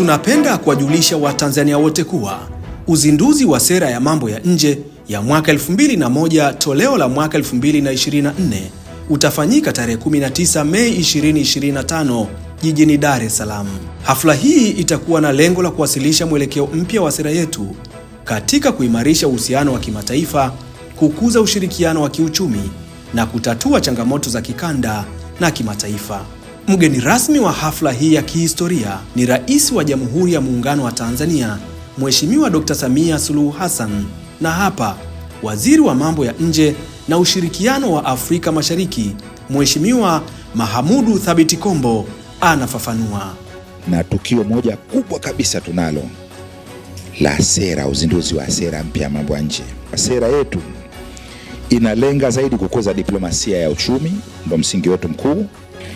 Tunapenda kuwajulisha Watanzania wote kuwa uzinduzi wa sera ya mambo ya nje ya mwaka 2001 toleo la mwaka 2024 utafanyika tarehe 19 Mei 2025 jijini Dar es Salaam. Hafla hii itakuwa na lengo la kuwasilisha mwelekeo mpya wa sera yetu katika kuimarisha uhusiano wa kimataifa, kukuza ushirikiano wa kiuchumi na kutatua changamoto za kikanda na kimataifa. Mgeni rasmi wa hafla hii ya kihistoria ni Rais wa Jamhuri ya Muungano wa Tanzania, Mheshimiwa Dr. Samia Suluhu Hassan na hapa Waziri wa Mambo ya Nje na Ushirikiano wa Afrika Mashariki, Mheshimiwa Mahamudu Thabiti Kombo anafafanua. Na tukio moja kubwa kabisa tunalo la sera, uzinduzi wa sera mpya ya mambo ya nje. Sera yetu inalenga zaidi kukuza diplomasia ya uchumi, ndio msingi wetu mkuu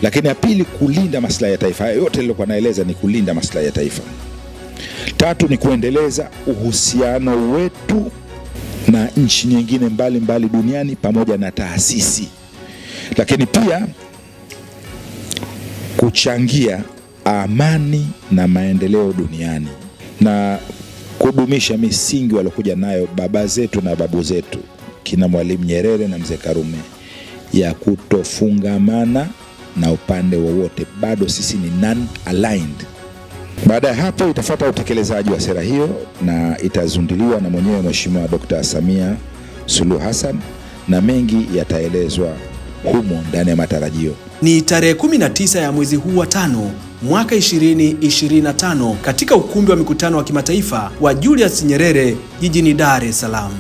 lakini ya pili, kulinda maslahi ya taifa. Haya yote nilikuwa naeleza ni kulinda maslahi ya taifa. Tatu ni kuendeleza uhusiano wetu na nchi nyingine mbalimbali mbali duniani pamoja na taasisi, lakini pia kuchangia amani na maendeleo duniani na kudumisha misingi waliokuja nayo baba zetu na babu zetu kina Mwalimu Nyerere na Mzee Karume ya kutofungamana na upande wowote, bado sisi ni non aligned. Baada ya hapo itafuata utekelezaji wa sera hiyo na itazunduliwa na mwenyewe Mheshimiwa Dr. Samia Suluhu Hassan na mengi yataelezwa humo ndani ya matarajio. Ni tarehe 19 ya mwezi huu wa tano mwaka 2025 katika ukumbi wa mikutano wa kimataifa wa Julius Nyerere jijini Dar es Salaam.